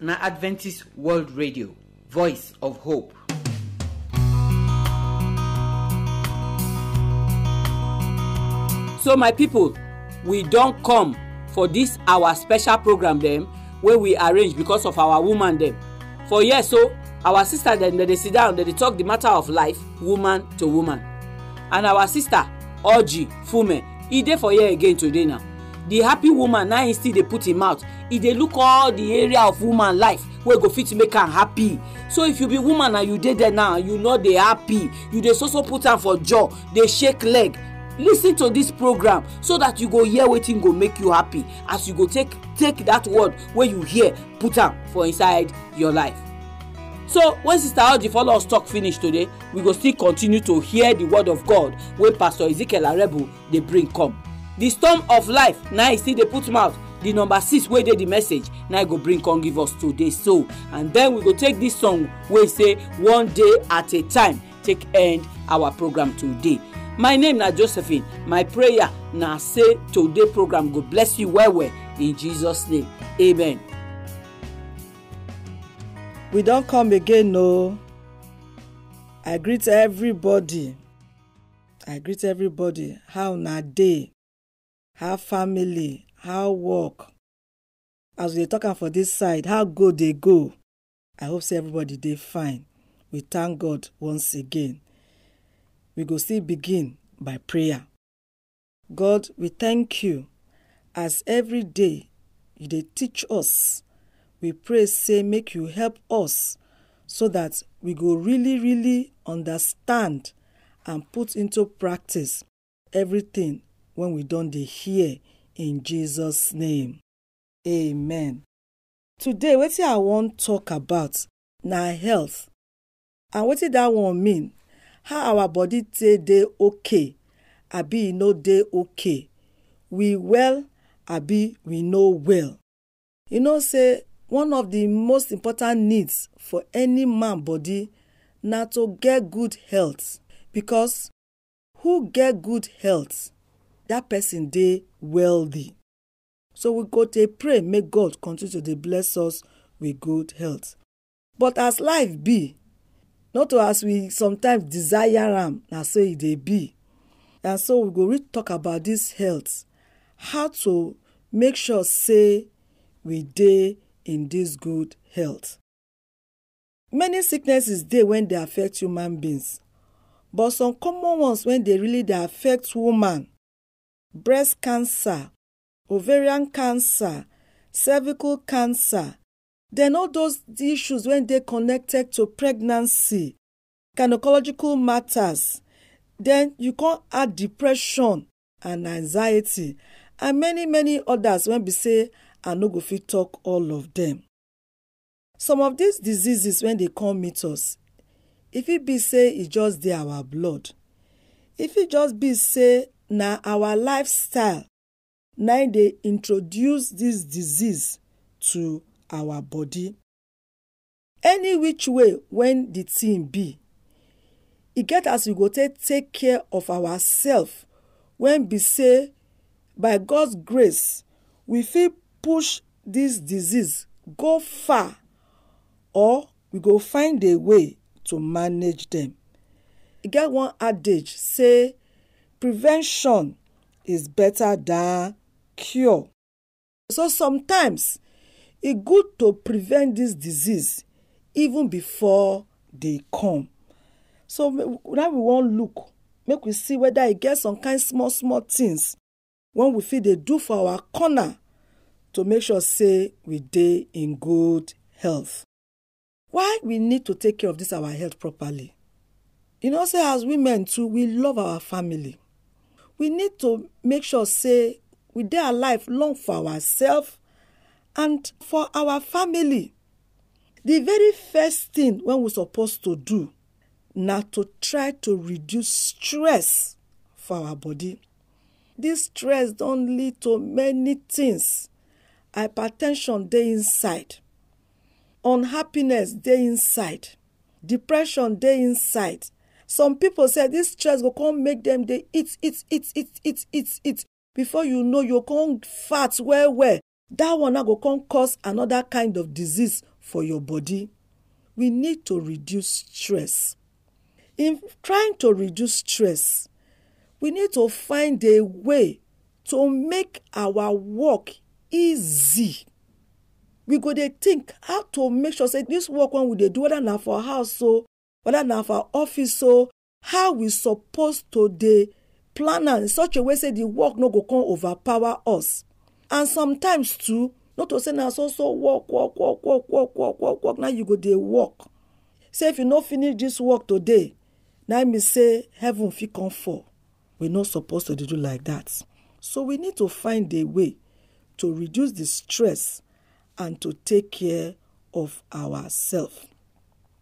na adventist world radio voice of hope so my people we don come for this our special program dem wey we arrange because of our woman dem for here so our sister dem dey sit down dey talk the matter of life woman to woman and our sister orji fume e dey for here again today now the happy woman na him still dey put him mouth e dey look all the area of woman life wey go fit make am happy so if you be woman and you dey there now you no dey happy you dey so so put am for jaw dey shake leg lis ten to this program so that you go hear wetin go make you happy as you go take take that word wey you hear put am for inside your life so when sister audie follow us talk finish today we go still continue to hear the word of god wey pastor ezekiel arebu dey bring come the storm of life na e still dey put mouth the number six wey dey the message na e go bring come give us today so and then we go take this song wey say one day at a time take end our program today my name na josephine my prayer na say today program go bless you well well in jesus name amen. we don come again o i greet everybody i greet everybody how na day how family how work as we dey talk am for this side how go dey go i hope say everybody dey fine we thank god once again we go still begin by prayer god we thank you as every day you dey teach us we pray say make you help us so that we go really really understand and put into practice everything when we don't dey hear in jesus name amen today wetin i wan talk about na health and wetin dat one mean how our body take dey okay abi e no dey okay we well abi we no well you know say one of the most important needs for any man body na to get good health because who get good health that person dey wealthy. So we go dey pray make God continue to dey bless us with good health. But as life be, not as we sometimes desire am, na so e dey be. And so we go really talk about this health, how to make sure say we dey in this good health. Many sicknesses dey when they affect human beings, but some common ones when they really dey affect woman breast cancer, ovarian cancer, cervical cancer, then all those issues when they connected to pregnancy, gynecological matters, then you can add depression and anxiety and many many others when we say i no go fit talk all of them. some of these diseases when they come meet us If it be say e just dey our blood If it just be say na our lifestyle na im dey introduce this disease to our body. Any which way when the thing be, e get as we go take take care of oursef When be say by God's grace we fit push this disease go far or we go find a way to manage dem. E get one adage say Prevention is better than cure. So sometimes e good to prevent this disease even before they come. So now we wan look make we see whether e get some kind small small things when we fit dey do for our corner to make sure say we dey in good health. Why we need to take care of this our health properly? You know say as women too we love our family we need to make sure say we dey alive long for ourselves and for our family. The very first thing when we supposed to do na to try to reduce stress for our body. This stress don lead to many things. Hypertension dey inside, unhappiness dey inside, depression dey inside, some people say this stress go come make them. dey eat eat eat eat eat eat eat before you know you come fat well well that one now go come cause another kind of disease for your body we need to reduce stress in trying to reduce stress we need to find a way to make our work easy we go dey think how to make sure say this work wey we dey do whether na for house o whether na for office so how we suppose to dey plan am in such a way say the work no go come overpower us and sometimes too no to say na so so work work work work work work work work na you go dey work say if you no finish this work today na me say heaven fit come fall we no suppose to dey do like that so we need to find a way to reduce the stress and to take care of ourselves.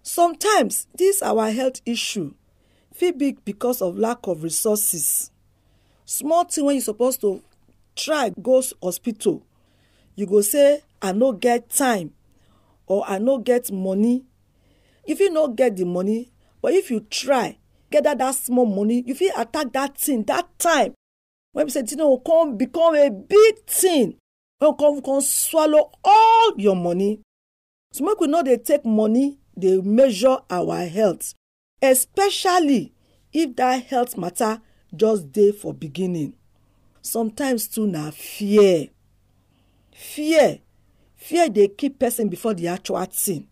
Sometimes this our health issue fit big because of lack of resources. Small thing when you suppose to try go hospital, you go say I no get time or I no get money. You fit no get the money but if you try gather that small money, you fit attack that thing that time when be say the thing go come become a big thing wey go come come swallow all your money. So make we no dey take money dey measure our health especially if that health matter just dey for beginning sometimes too na fear fear fear dey keep person before the actual thing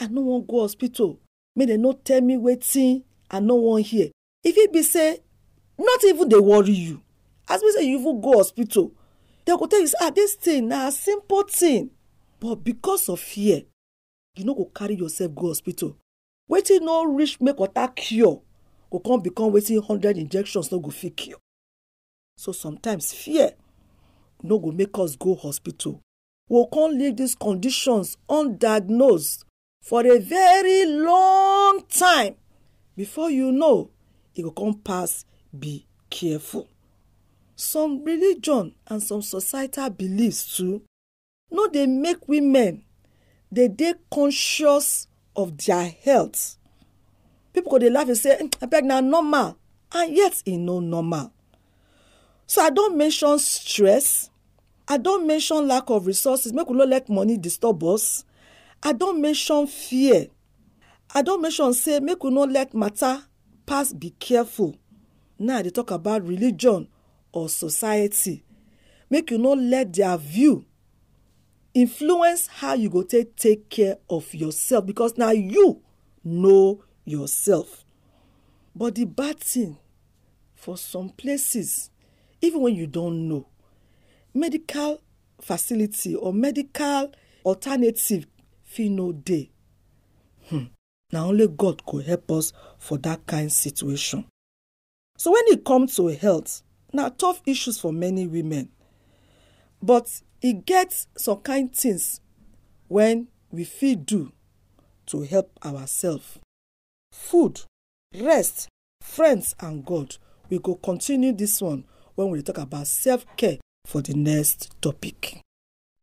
i no wan go hospital make dem no tell me wetin i no wan hear e fit be say not even dey worry you as be say you even go hospital dem go tell you say ah this thing na simple thing but because of fear you no go carry yourself go hospital wetin no reach make water cure go come become wetin hundred injections no go fit cure so sometimes fear no go make us go hospital we we'll come leave these conditions undiagnosed for a very long time before you know e go come pass be careful some religion and some societal beliefs too no dey make women dey dey conscious of their health people go dey laugh and say abeg mm, na normal and yet e no normal so i don mention stress i don mention lack of resources make we no let money disturb us i don mention fear i don mention say make we no let matter pass be careful now i dey talk about religion or society make you no let their view influence how you go take take care of yourself because na you know yourself but the bad thing for some places even when you don know medical facility or medical alternative fit no dey hmm. na only god go help us for that kind situation so when e come to health na tough issues for many women but e get some kind things wen we fit do to help ourselves. Food, rest, friends and God. We go continue this one when we talk about self-care for the next topic.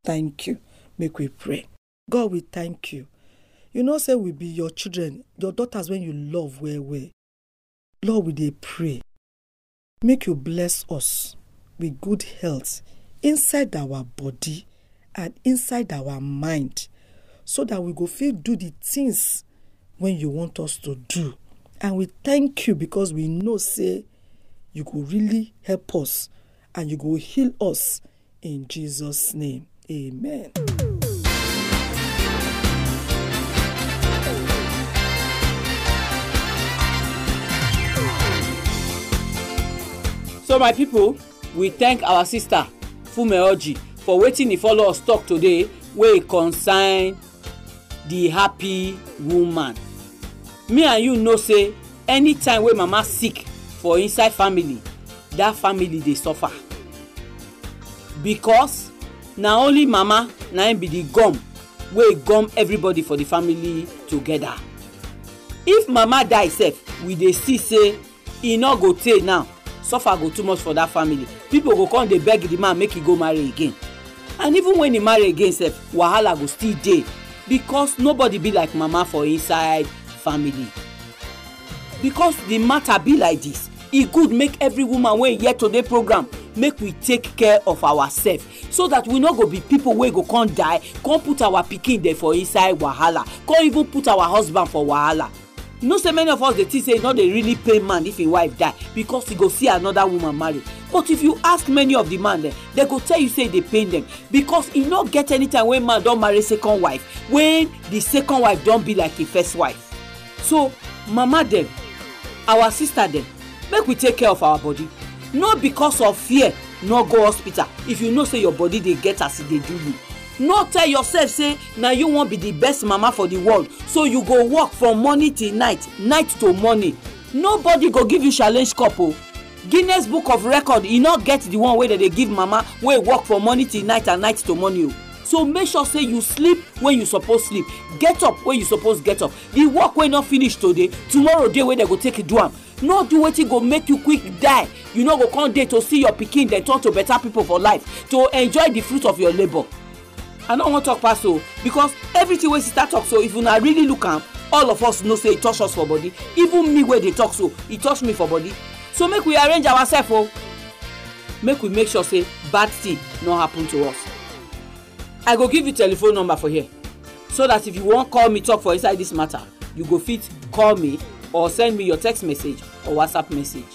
Thank you. Make we pray. God, we thank you. You know, say we be your children, your daughters when you love well, well. Lord, we dey pray. Make you bless us with good health inside our body and inside our mind so that we go fit do the things when you want us to do and we thank you because we know say you go really help us and you go heal us in jesus name amen. so my people we thank our sister fumeoji for wetin e follow us talk today wey e concern the happy woman me and you know say anytime wey mama sick for inside family that family dey suffer because na only mama na im be the gum wey gum everybody for the family together if mama die sef we dey see say e no go tey now suffer go too much for that family People go come dey beg the man make he go marry again and even when he marry again sef wahala go still dey because nobody be like mama for inside family because the matter be like this e good make every woman wey hear today program make we take care of ourselves so that we no go be people wey go come die come put our pikin dem for inside wahala come even put our husband for wahala you know say many of us dey think say e no dey really pain man if im wife die because e go see another woman marry but if you ask many of the man dem dem go tell you say e dey pain dem because e no get any time wey man don marry second wife when the second wife don be like im first wife so mama dem our sister dem make we take care of our body no because of fear no go hospital if you know say your body dey get as e dey do you no tell yourself say na you wan be the best mama for the world so you go work from morning till night night to morning nobody go give you challenge cup o guinness book of record e no get the one wey dem dey give mama wey work from morning till night and night to morning o so make sure say you sleep when you suppose sleep get up when you suppose get up the work wey no finish today tomorrow dey wey dem go take do am no do wetin go make you quick die you no go come dey to see your pikin dem turn to better people for life to enjoy the fruit of your labour i no wan talk pass o because everything wey sister talk so if una really look am all of us know say e touch us for body even me wey dey talk so e touch me for body so make we arrange ourselves o make we make sure say bad thing no happen to us i go give you telephone number for here so that if you wan call me talk for inside this matter you go fit call me or send me your text message or whatsapp message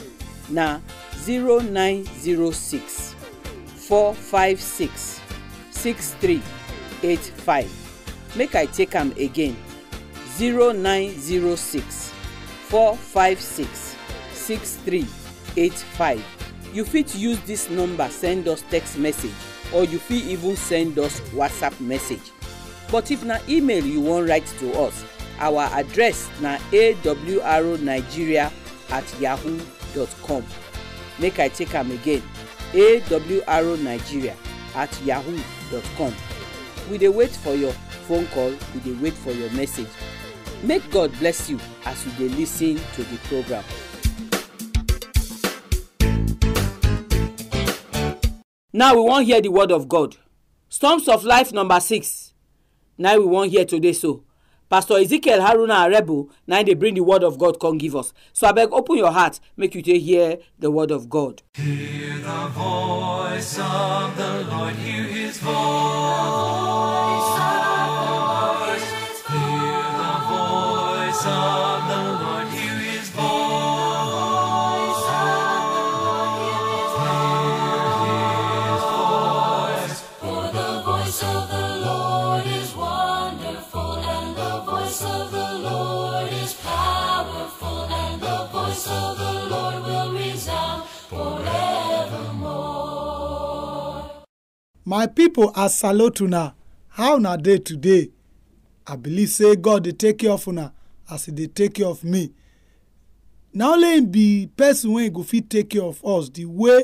na 0906 456 6385 make i take am again 0906 456 6385 you fit use this number send us text message or you fit even send us whatsapp message but if na email you wan write to us our address na awrnigeria at yahoo awronigeria@yahoo.com make i take am again at awronigeria@yahoo.com we dey wait for your phone call we dey wait for your message make god bless you as you dey lis ten to the program. now we wan hear the word of god storms of life number six na we wan hear today so pastor ezekiel haruna arebu now they bring the word of god come give us so I beg, open your heart make you to hear the word of god. hear the voice of the lord hear his voice. My people are Salotuna, How na day today? I believe say God they take care of una as they take care of me. Now let him be person wey go fit take care of us the way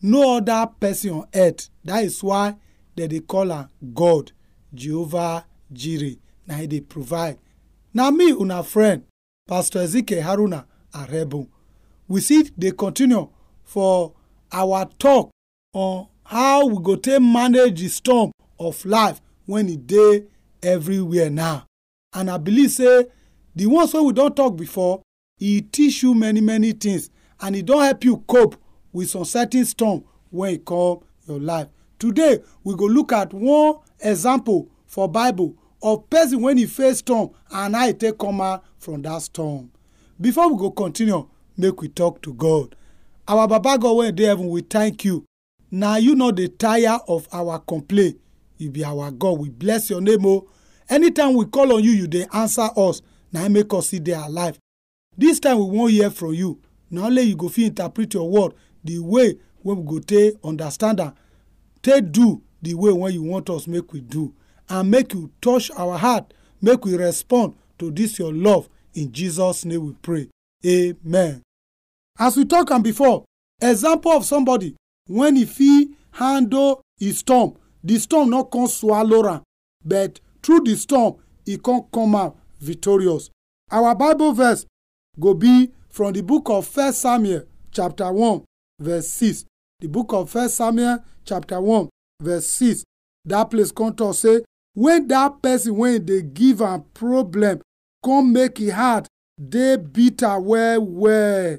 no other person on earth. That is why they dey call her God, Jehovah Jireh. Na he dey provide. Na me una friend, Pastor Ezekiel Haruna rebel. We see they continue for our talk on how we go take manage the storm of life when e dey everywhere now. And I believe say the ones wey we don talk before, e teach you many many things and e don help you cope with some certain storm wey e come your life. Today, we go look at one example for Bible of person when e face storm and how e take come out from that storm before we go continue make we talk to god our baba god wey dey heaven we thank you na you no dey tire of our complaint you be our god we bless your name o oh. anytime we call on you you dey answer us na im make us see dey alive this time we wan hear from you na only you go fit interpret your word the way wey we go take understand am take do the way wey you want us make we do and make you touch our heart make we respond to this your love In Jesus' name we pray. Amen. As we talked on before, example of somebody when if he handle his storm, the storm not come swallow him, but through the storm he can come out victorious. Our Bible verse go be from the book of First Samuel chapter one verse six. The book of First Samuel chapter one verse six. That place come talk say when that person when they give a problem come make e heart dey bitter well well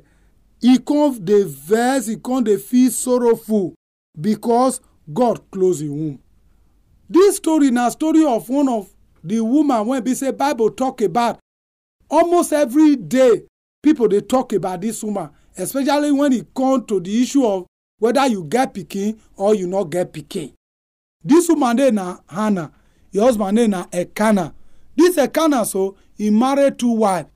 e come dey vex e come dey feel sorrowful because god close im womb dis story na story of one of di woman wey be say bible talk about almost every day people dey talk about dis woman especially wen e come to di issue of whether you get pikin or you no get pikin dis woman name na hannah your husband name na elkanah This ekana so e marry two wives.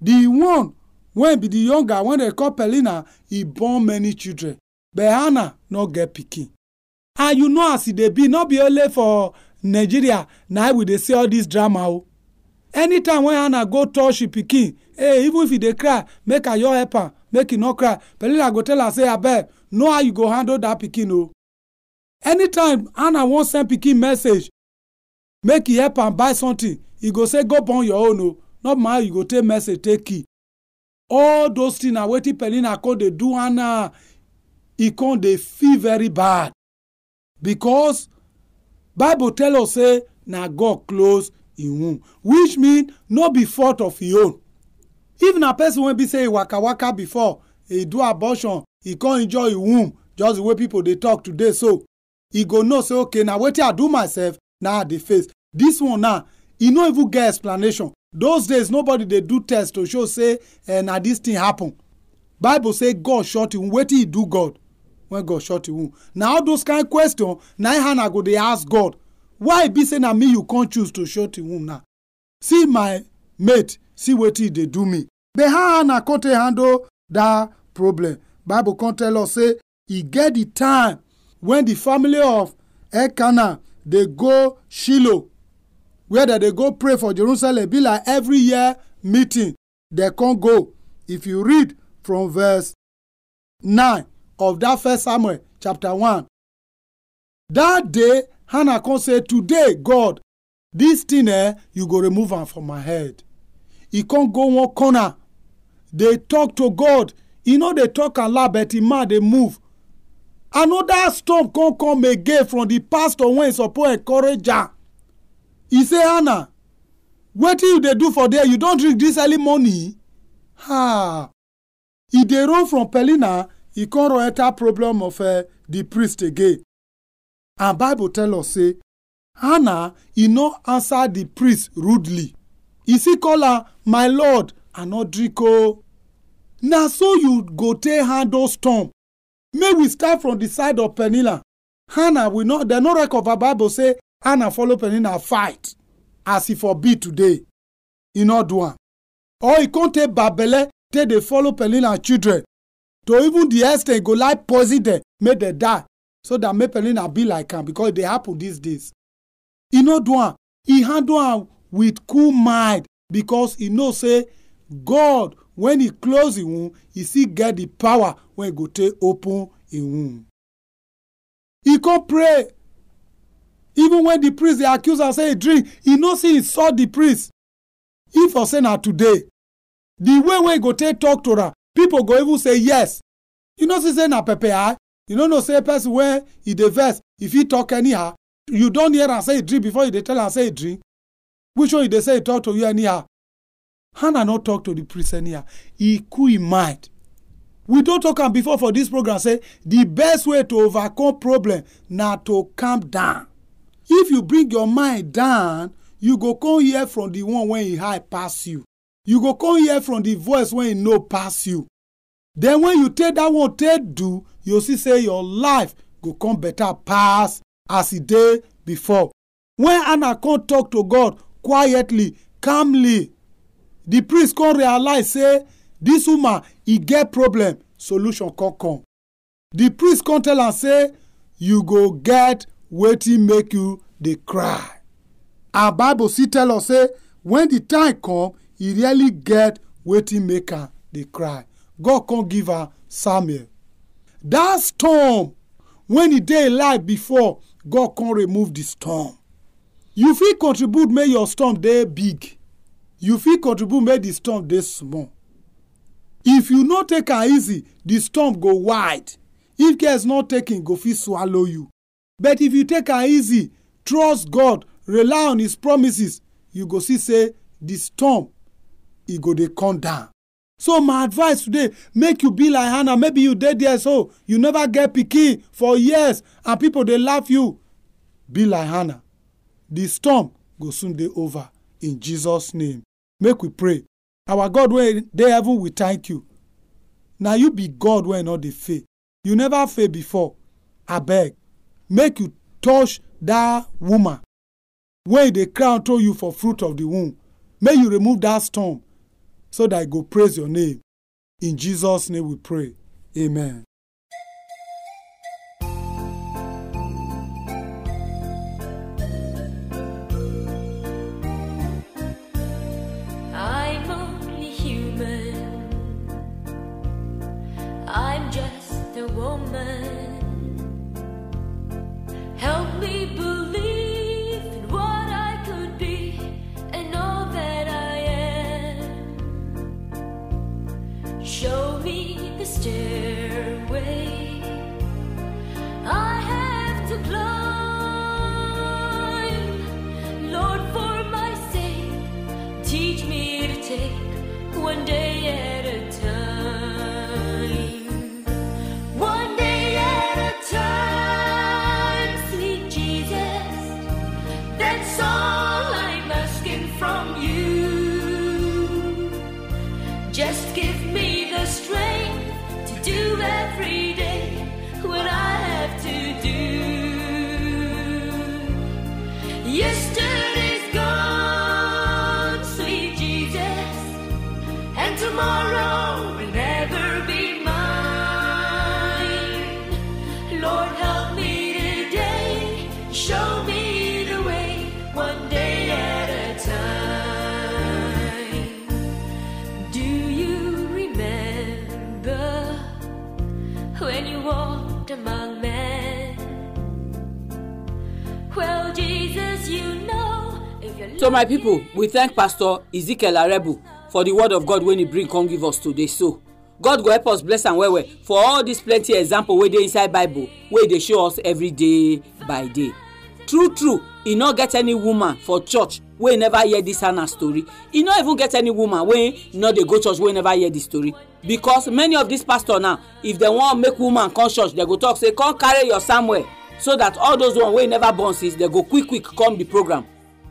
The one wey be the younger wey dem call pelina he born many children but hannah no get pikin and you know as e dey be no be only for nigeria na we dey see all this drama o oh. anytime wey hannah go touch she pikin eh, even if e dey cry make her your help am make e no cry pelina go tell her say abeg know how you go handle dat pikin o oh. anytime hannah wan send pikin message make e help am buy something e go say go born your own o oh. not my. you go take message take key all those things na wetin pelina come dey do and na uh, e come dey feel very bad because bible tell us say na god close im womb which mean no be fault of im own if na person wey be say e waka waka before e do abortion e come enjoy im womb just the way people dey talk today so e go know say okay na wetin i do myself now dey face this one now e no even get explanation those days nobody dey do test to show say eh, na dis thing happen bible say god shot him wetin he do god when god shot him na all those kind of question na hannah go dey ask god why e be say na me you come choose to shot him womb now see my mate see wetin he dey do me but how hannah come take handle that problem bible come tell us say e get the time when the family of elkanah dey go shiloh where dem dey go pray for jerusalem be like every year meeting dem come go if you read from verse nine of that first samuel chapter one, that day hannah come say today god this thing eh you go remove am from my head e come go one corner dey talk to god e no dey talk aloud but im mouth dey move another storm come come again from the pastor wey suppose encourage am he say hannah wetin you dey do for there you don drink this early morning Ha! e dey run from pelina e come run enter problem of uh, the priest again and bible tell us say hannah e no answer the priest rudely e still call her my lord i no drink oo oh. na so you go take handle storm may we start from the side of penina hannah we know dem no record for bible say hannah follow penina fight as e for be today e no do am or e come take babele take dey follow penina children to even the ex go like poison dem make dem die so that make penina be like am because e dey happen these days e no do am e handle am with cool mind because e know say god When he close him, womb e still get the power wey go take open e womb e come pray even when the priest dey accuse am say e drink he know say e insult di priest He for say na today The way wey e go take talk to am people go even say yes you know say na pepper eye you no know say person wey he dey vex he fit talk anyhow you don hear am say e drink before you dey tell am say e drink which one you dey say e talk to you anyhow Hannah not talk to the prisoner. He cool in mind. We don talk am before for this program say the best way to overcome problem na to calm down. If you bring your mind down, you go come hear from the one wey e high pass you. You go come hear from the voice wey e no pass you. Then when you take that one take do, you see say your life go come better pass as e dey before. When Anna come talk to God quietly, calmly, the priest come realize say this woman e get problem solution come come the priest come tell am say you go get wetin make you dey cry and bible still tell us say when the time come e really get wetin make am dey cry god come give am samuel that storm when e dey alive before god come remove the storm you fit contribute make your storm dey big you fit contribute make the storm dey small if you no take am easy the storm go wide if is not taken go fit swallow you but if you take am easy trust god rely on his promises you go see say the storm e go dey come down so my advice today make you be like hannah maybe you dey there so you never get pikin for years and people dey laugh you be like hannah the storm go soon dey over in jesus name make we pray our god when they heaven we thank you Now you be god when all they fail you never fail before I beg, make you touch that woman when the crown told you for fruit of the womb May you remove that storm so that i go praise your name in jesus name we pray amen. so my people we thank pastor ezekiel arebu for the word of god wey he bring come give us today so god go help us bless am well well for all this plenty example wey dey inside bible wey dey show us every day by day true true e no get any woman for church wey never hear this hannah story e no even get any woman wey no dey go church wey never hear this story because many of these pastors now if dem wan make woman come church dem go talk say come carry your samuel so that all those one wey never born since dem go quick quick come the program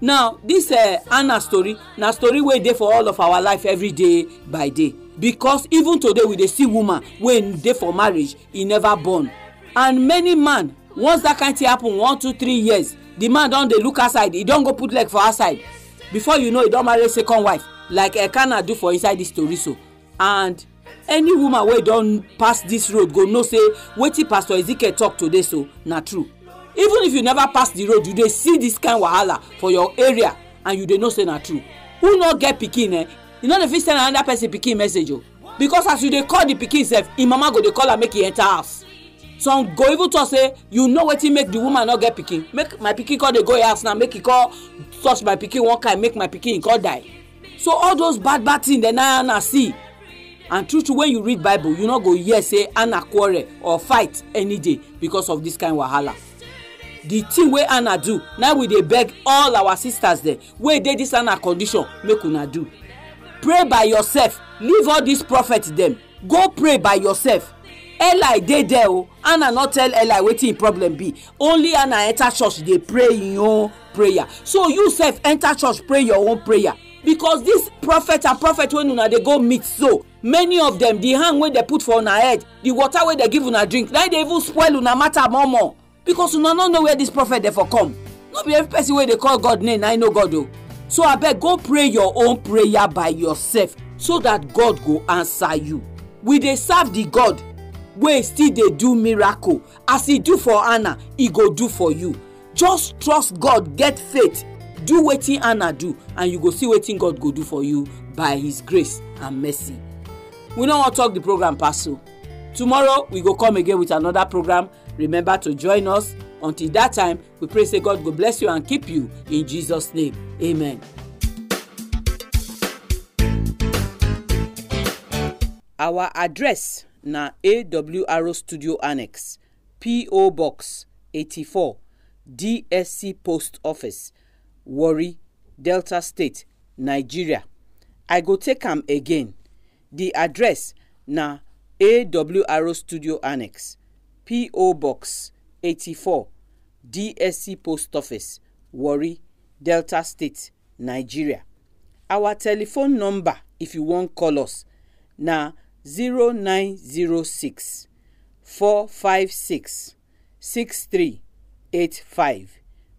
now this uh, anna story na story wey dey for all of our life every day by day because even today we dey see woman wey dey for marriage e never born and many man once that kind thing happen one two three years the man don dey look outside he don go put leg for outside before you know he don marry second wife like elkanah do for inside this story so and any woman wey don pass this road go know say wetin pastor ezekiel talk today so na true even if you never pass the road you dey see this kind wahala for your area and you dey know say na true who no get pikin eh you no dey fit send another person pikin message o oh. because as you dey call the pikin sef im mama go dey call am make e enter house some go even talk say you know wetin make the woman no get pikin make my pikin come dey go her house now make e come touch my pikin one kind make my pikin e come die so all those bad bad things dem na na see and true true when you read bible you no go hear say anna quarrel or fight any day because of this kind of wahala the thing wey anna do na we dey beg all our sisters dem wey dey this anna condition make una do pray by yourself leave all these prophets dem go pray by yourself eli dey there o anna no tell eli wetin im problem be only anna enter church dey pray im own prayer so you sef enter church pray your own prayer because this prophet and prophet wey una dey go meet so many of them the hand wey dey put for una head the water wey dey give una drink na dey even spoil una matter more more because una no know where this prophet dey for come no be every person wey dey call god name na know god o so abeg go pray your own prayer by yourself so that god go answer you we dey serve the god wey still dey do miracle as he do for anna he go do for you just trust god get faith do wetin anna do and you go see wetin god go do for you by his grace and mercy we no wan talk the program pass o tomorrow we go come again with another program Remember to join us. Until that time, we pray say God will bless you and keep you in Jesus' name. Amen. Our address na AWR Studio Annex, PO Box eighty 84, DSC Post Office, Warri, Delta State, Nigeria. I go take am again. The address na AWR Studio Annex, P.O. Box eighty four, DSC Post Office, Warri, Delta State, Nigeria. Our telephone number if you wan call us na three eight five.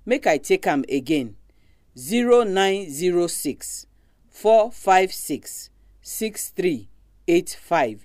Make I take am again Zero zero nine six six six four five three eight five